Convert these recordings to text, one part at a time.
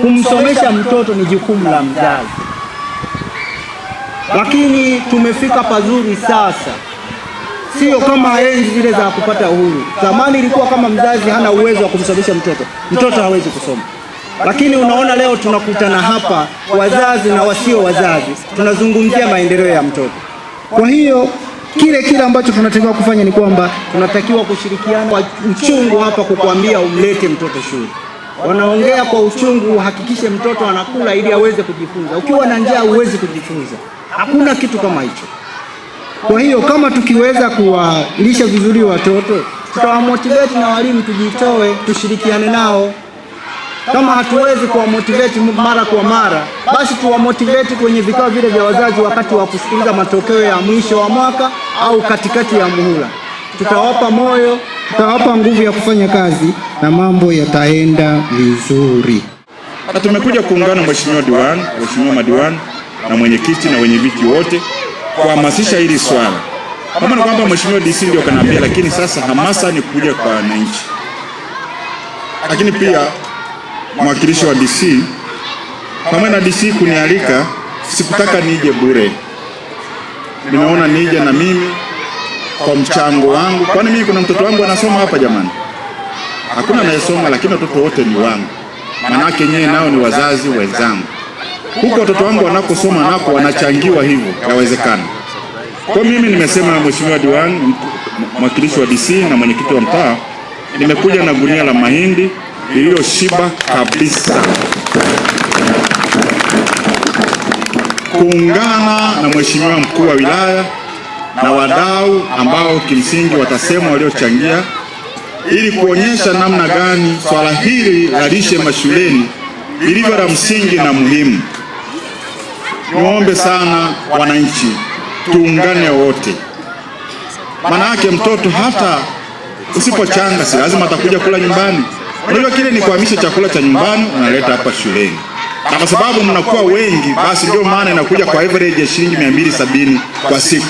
kumsomesha mtoto ni jukumu la mzazi, lakini tumefika pazuri sasa, sio kama enzi zile za kupata uhuru. Zamani ilikuwa kama mzazi hana uwezo wa kumsomesha mtoto, mtoto hawezi kusoma. Lakini unaona leo tunakutana hapa, wazazi na wasio wazazi, tunazungumzia maendeleo ya mtoto. Kwa hiyo kile kile ambacho tunatakiwa kufanya ni kwamba tunatakiwa kushirikiana kwa mchungu hapa kukuambia umlete mtoto shule wanaongea kwa uchungu, uhakikishe mtoto anakula ili aweze kujifunza. Ukiwa na njaa huwezi kujifunza, hakuna kitu kama hicho. Kwa hiyo kama tukiweza kuwalisha vizuri watoto, tutawamotivate na walimu, tujitoe, tushirikiane nao. Kama hatuwezi kuwamotiveti mara kwa mara, basi tuwamotiveti kwenye vikao vile vya wazazi, wakati wa kusikiliza matokeo ya mwisho wa mwaka au katikati ya muhula, tutawapa moyo tawapa nguvu ya kufanya kazi na mambo yataenda vizuri. Na tumekuja kuungana, mheshimiwa diwani, mheshimiwa madiwani na mwenyekiti na wenye viti wote kuhamasisha hili swala, kama na kwamba mheshimiwa DC ndio kanaambia, lakini sasa hamasa ni kuja kwa wananchi. Lakini pia mwakilishi wa DC pamoja na DC kunialika, sikutaka nije bure, ninaona nije na mimi kwa mchango wangu, kwani mimi kuna mtoto wangu anasoma hapa jamani? Hakuna anayesoma, lakini watoto wote ni wangu, manake nyewe nao ni wazazi wenzangu. Huko watoto wangu wanaposoma nako wanachangiwa hivyo, yawezekana. Kwa mimi nimesema, Mheshimiwa Diwani, mwakilishi wa DC na mwenyekiti wa mtaa, nimekuja na gunia la mahindi lililoshiba kabisa kuungana na mheshimiwa mkuu wa wilaya na wadau ambao kimsingi watasemwa waliochangia ili kuonyesha namna gani swala hili la lishe mashuleni lilivyo la msingi na muhimu. Niombe sana wananchi, tuungane wote, manake mtoto hata usipochanga si lazima atakuja kula nyumbani. Unajua kile ni kuhamisha chakula cha nyumbani unaleta hapa shuleni, na kwa sababu mnakuwa wengi, basi ndio maana inakuja kwa average ya shilingi 270 kwa siku.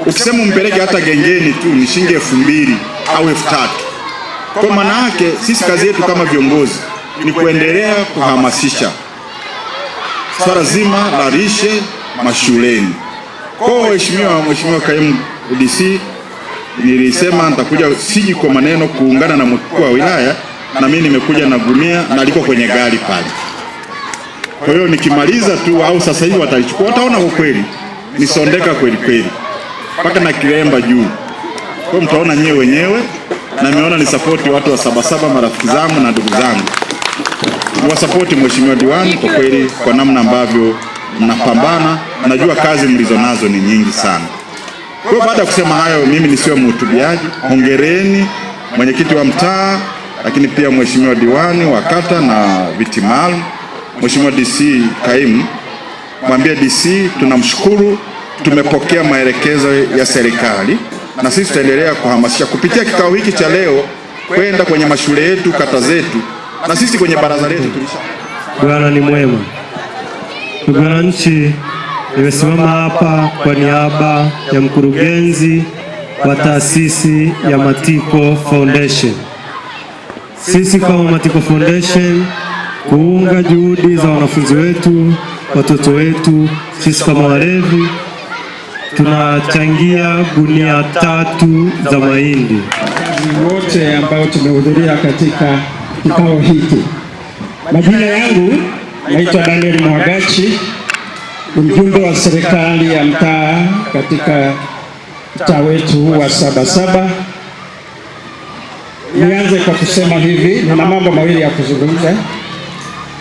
Ukisema umpeleke hata gengeni tu ni shilingi elfu mbili au elfu tatu. Kwa maana yake sisi kazi yetu kama viongozi ni kuendelea kuhamasisha swala zima la lishe mashuleni. Kwa waheshimiwa, Mheshimiwa Kaimu DC, nilisema nitakuja, siji kwa maneno, kuungana na mkuu wa wilaya, na mimi nimekuja na gunia na liko kwenye gari pale. Kwa hiyo nikimaliza tu au sasa hivi watalichukua, wataona kwa kweli nisondeka kweli kweli mpaka na kilemba juu. Kwa mtaona nyewe wenyewe, na nimeona ni support watu wa Sabasaba, marafiki zangu na ndugu zangu, niwasapoti mheshimiwa diwani kwa kweli, kwa namna ambavyo mnapambana. Najua kazi mlizonazo ni nyingi sana. Kwa baada ya kusema hayo, mimi nisiwe mhutubiaji, hongereni mwenyekiti wa mtaa, lakini pia mheshimiwa diwani wa kata na viti maalum, mheshimiwa DC kaimu, mwambie DC tunamshukuru tumepokea maelekezo ya serikali na sisi tutaendelea kuhamasisha kupitia kikao hiki cha leo kwenda kwenye mashule yetu, kata zetu, na sisi kwenye baraza letu. Bwana ni mwema. Ndugu wananchi, nimesimama hapa kwa niaba ya mkurugenzi wa taasisi ya Matiko Foundation. Sisi kama Matiko Foundation kuunga juhudi za wanafunzi wetu, watoto wetu, sisi kama walevi tunachangia gunia tatu za mahindi. Wote ambao tumehudhuria katika kikao hiki, majina yangu naitwa Daniel Mwagachi, ni mjumbe wa serikali ya mtaa katika mtaa wetu wa Sabasaba. Nianze kwa kusema hivi, nina mambo mawili ya kuzungumza.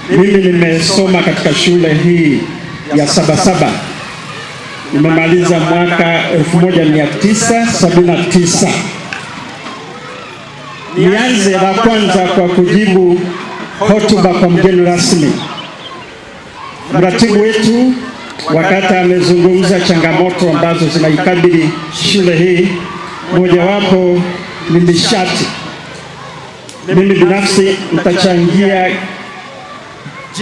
Mimi nimesoma katika shule hii ya Sabasaba nimemaliza mwaka 1979. Nianze la kwanza kwa kujibu hotuba kwa mgeni rasmi. Mratibu wetu wakati amezungumza changamoto ambazo zinaikabili shule hii, mojawapo ni nishati. Mimi binafsi nitachangia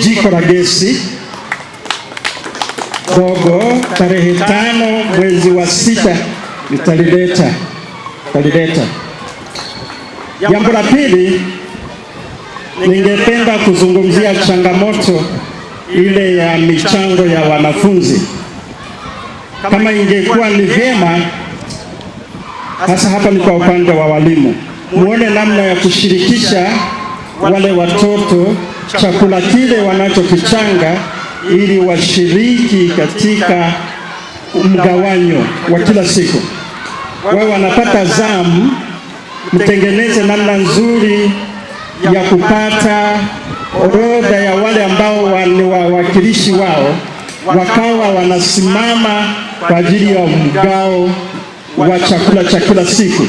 jiko la gesi dogo tarehe tano mwezi wa sita nitalileta talileta. Jambo la pili, ningependa kuzungumzia changamoto ile ya michango ya wanafunzi. Kama ingekuwa ni vyema, hasa hapa ni kwa upande wa walimu, muone namna ya kushirikisha wale watoto chakula kile wanachokichanga ili washiriki katika mgawanyo wa kila siku, wao wanapata zamu, mtengeneze namna nzuri ya kupata orodha ya wale ambao ni wawakilishi wao, wakawa wanasimama kwa ajili ya mgao wa chakula cha kila siku.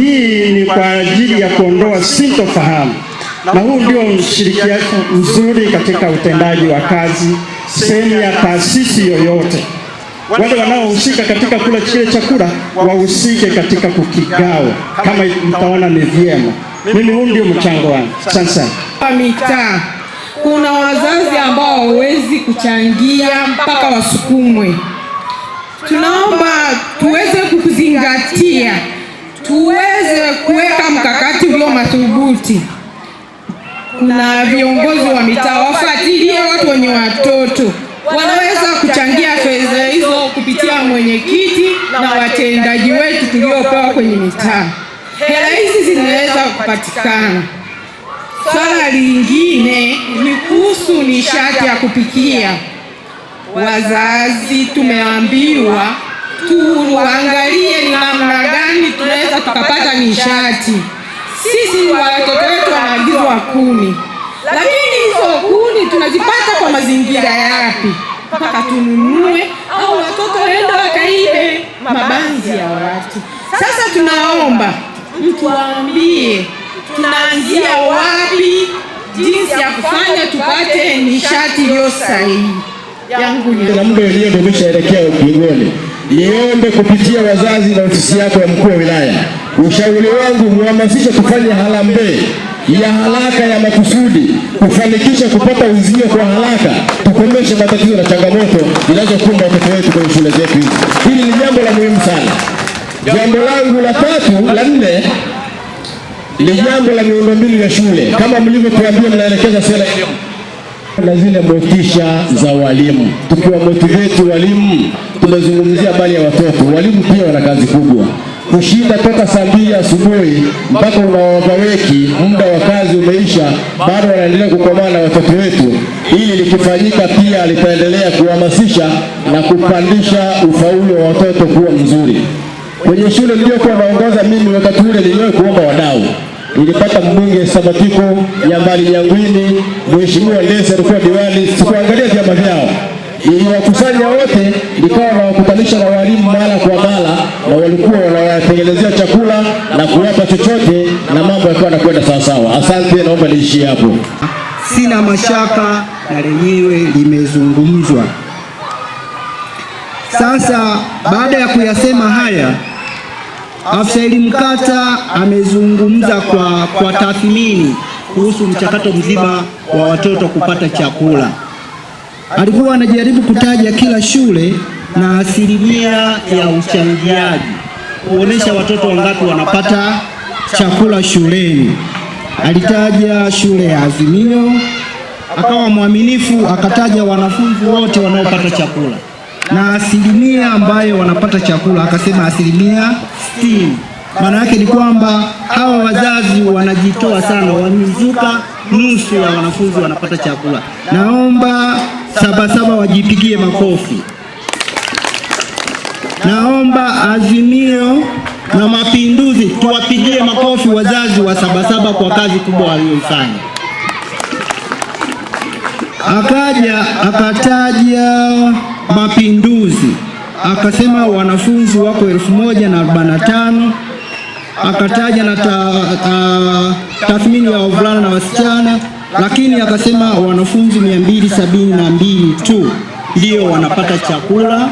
Hii ni kwa ajili ya kuondoa sintofahamu na huu ndio ushirikiano mzuri katika utendaji wa kazi sehemu ya taasisi yoyote. Wale wanaohusika katika kula kile chakula wahusike katika kukigawa, kama mtaona ni vyema. Mimi huu ndio mchango wangu. Sasa mitaa, kuna wazazi ambao hawawezi kuchangia mpaka wasukumwe. Tunaomba tuweze kukuzingatia, tuweze kuweka mkakati ulio madhubuti na viongozi wa mitaa wafuatilie watu wenye watoto, wanaweza kuchangia fedha hizo kupitia mwenyekiti na watendaji wetu tuliopewa kwenye mitaa, hela hizi zinaweza kupatikana. Swala lingine ni kuhusu nishati ya kupikia. Wazazi tumeambiwa tuangalie ni namna gani tunaweza tukapata nishati sisi watoto wetu wanaagizwa kuni, lakini hizo kuni tunazipata kwa mazingira yapi mpaka tununue au watoto waenda wakaibe mabanzi ya watu? Sasa tunaomba mtuambie tunaanzia wapi, jinsi ya kufanya tupate nishati iliyo sahihi. yangu na muda wenyewe ndio umeshaelekea niombe kupitia wazazi na ofisi yako ya mkuu wa wilaya Ushauri wangu muhamasishe kufanya harambee ya haraka ya makusudi kufanikisha kupata uzio kwa haraka, tukomeshe matatizo na changamoto zinazokumba watoto wetu kwenye shule zetu hizi. Hili ni jambo la muhimu sana. Jambo langu la tatu, la nne ni jambo la miundombinu ya shule. Kama mlivyotuambia, mnaelekeza sera na zile motisha za walimu, tukiwa motivate walimu, tumezungumzia habari ya watoto. Walimu pia wana kazi kubwa kushinda toka saa mbili asubuhi mpaka weki muda wa kazi umeisha, bado wanaendelea kukomaa na watoto wetu. Hili likifanyika pia litaendelea kuhamasisha na kupandisha ufaulu wa watoto kuwa mzuri. Kwenye shule niliyokuwa naongoza mimi wakati ule, niliwahi kuomba wadau nilipata mbunge Sabatiko ya mbali Nyangwini, mheshimiwa Ndesi alikuwa diwani, sikuangalia vyama vyao iliwakusanya wote, likawa nawakutanisha na walimu mara kwa mara, na walikuwa wanawatengenezea chakula na kuwapa chochote, na mambo yakawa nakwenda sawasawa. Asante, naomba niishie hapo. Sina mashaka na lenyewe limezungumzwa. Sasa baada ya kuyasema haya, afisa elimu kata amezungumza kwa, kwa tathmini kuhusu mchakato mzima wa watoto kupata chakula alikuwa anajaribu kutaja kila shule na asilimia ya uchangiaji, kuonesha watoto wangapi wanapata chakula shuleni. Alitaja shule ya Azimio, akawa mwaminifu, akataja wanafunzi wote wanaopata chakula na asilimia ambayo wanapata chakula, akasema asilimia sitini. Maana yake ni kwamba hawa wazazi wanajitoa sana, wameizuka nusu ya wanafunzi wanapata chakula. Naomba Sabasaba wajipigie makofi. Naomba Azimio na Mapinduzi tuwapigie makofi wazazi wa Sabasaba kwa kazi kubwa waliyoifanya Akaja akataja Mapinduzi, akasema wanafunzi wako elfu moja na arobaini na tano akataja na ta, ta, tathmini ya wavulana na wasichana lakini akasema wanafunzi mia mbili tu ndio wanapata chakula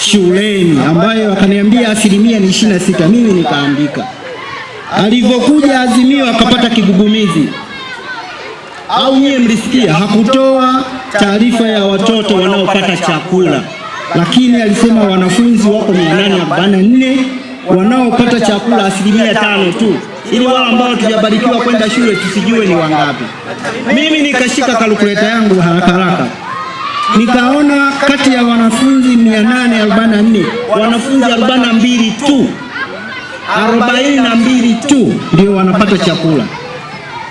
shuleni, ambayo akaniambia asilimia ni sita Mimi nikaandika. Alivyokuja Azimio akapata kigugumizi, au nyie mlisikia, hakutoa taarifa ya watoto wanaopata chakula, lakini alisema wanafunzi wako mia 844 wanaopata chakula asilimia tano tu, ili wao ambao tujabarikiwa kwenda shule tusijue ni wangapi. Mimi nikashika kalkuleta yangu haraka haraka nikaona kati ya wanafunzi 844 wanafunzi 42 tu 42 tu ndio wanapata chakula,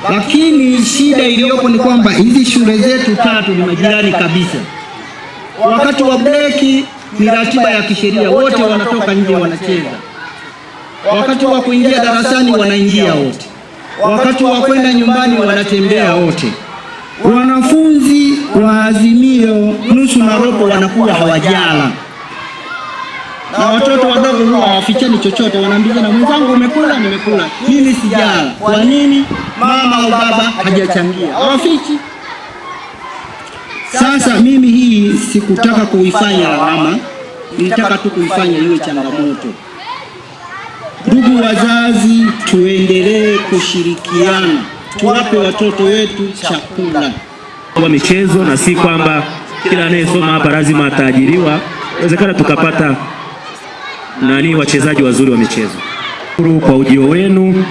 lakini shida iliyopo ni kwamba hizi shule zetu tatu ni majirani kabisa. Wakati wa breki ni ratiba ya kisheria, wote wanatoka nje wanacheza. Wakati wa kuingia darasani wanaingia wote, wakati wa kwenda nyumbani wanatembea wote. Wanafunzi wa Azimio nusu na robo wanakuwa hawajala, na watoto wadogo huwa hawafichani chochote, na mwenzangu, umekula? Nimekula. Mimi sijala. Kwa nini? Mama au baba hajachangia, hawafichi. Sasa mimi hii sikutaka kuifanya lawama, nilitaka tu kuifanya iwe changamoto. Ndugu wazazi, tuendelee kushirikiana, tuwape watoto wetu chakula kwa michezo, na si kwamba kila anayesoma hapa lazima ataajiriwa. Inawezekana tukapata nani wachezaji wazuri wa michezo. Kwa ujio wenu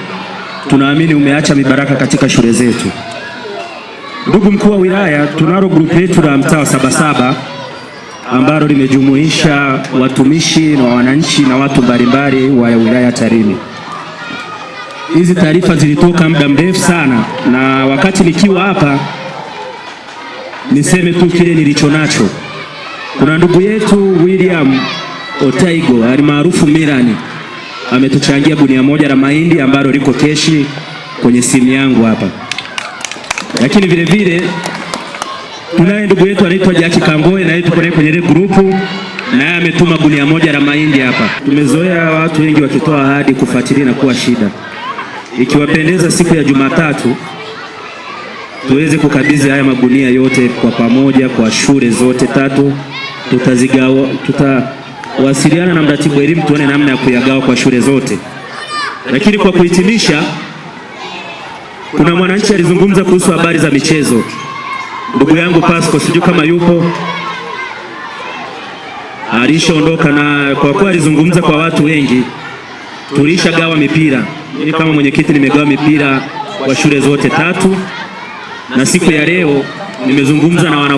tunaamini umeacha mibaraka katika shule zetu. Ndugu mkuu wa wilaya, tunalo grupu yetu la mtaa wa Sabasaba ambalo limejumuisha watumishi na wananchi na watu mbalimbali wa wilaya Tarime. Hizi taarifa zilitoka muda mrefu sana, na wakati nikiwa hapa, niseme tu kile nilicho nacho. Kuna ndugu yetu William Otaigo alimaarufu Milani ametuchangia gunia moja la mahindi ambalo liko keshi kwenye simu yangu hapa, lakini vilevile Tunaye ndugu yetu anaitwa jaki Kangoe, na yeye tuko naye kwenye ile grupu, na ametuma gunia moja la mahindi hapa. Tumezoea watu wengi wakitoa ahadi kufuatilia na kuwa shida. Ikiwapendeza, siku ya Jumatatu tuweze kukabidhi haya magunia yote kwa pamoja kwa shule zote tatu. Tutazigawa, tutawasiliana na mratibu elimu tuone namna ya kuyagawa kwa shule zote. Lakini kwa kuhitimisha, kuna mwananchi alizungumza kuhusu habari za michezo ndugu yangu Pasco, sijui kama yupo, alishaondoka na kwa kuwa alizungumza kwa watu wengi, tulishagawa mipira. Mimi kama mwenyekiti nimegawa mipira kwa shule zote tatu, na siku ya leo nimezungumza na wana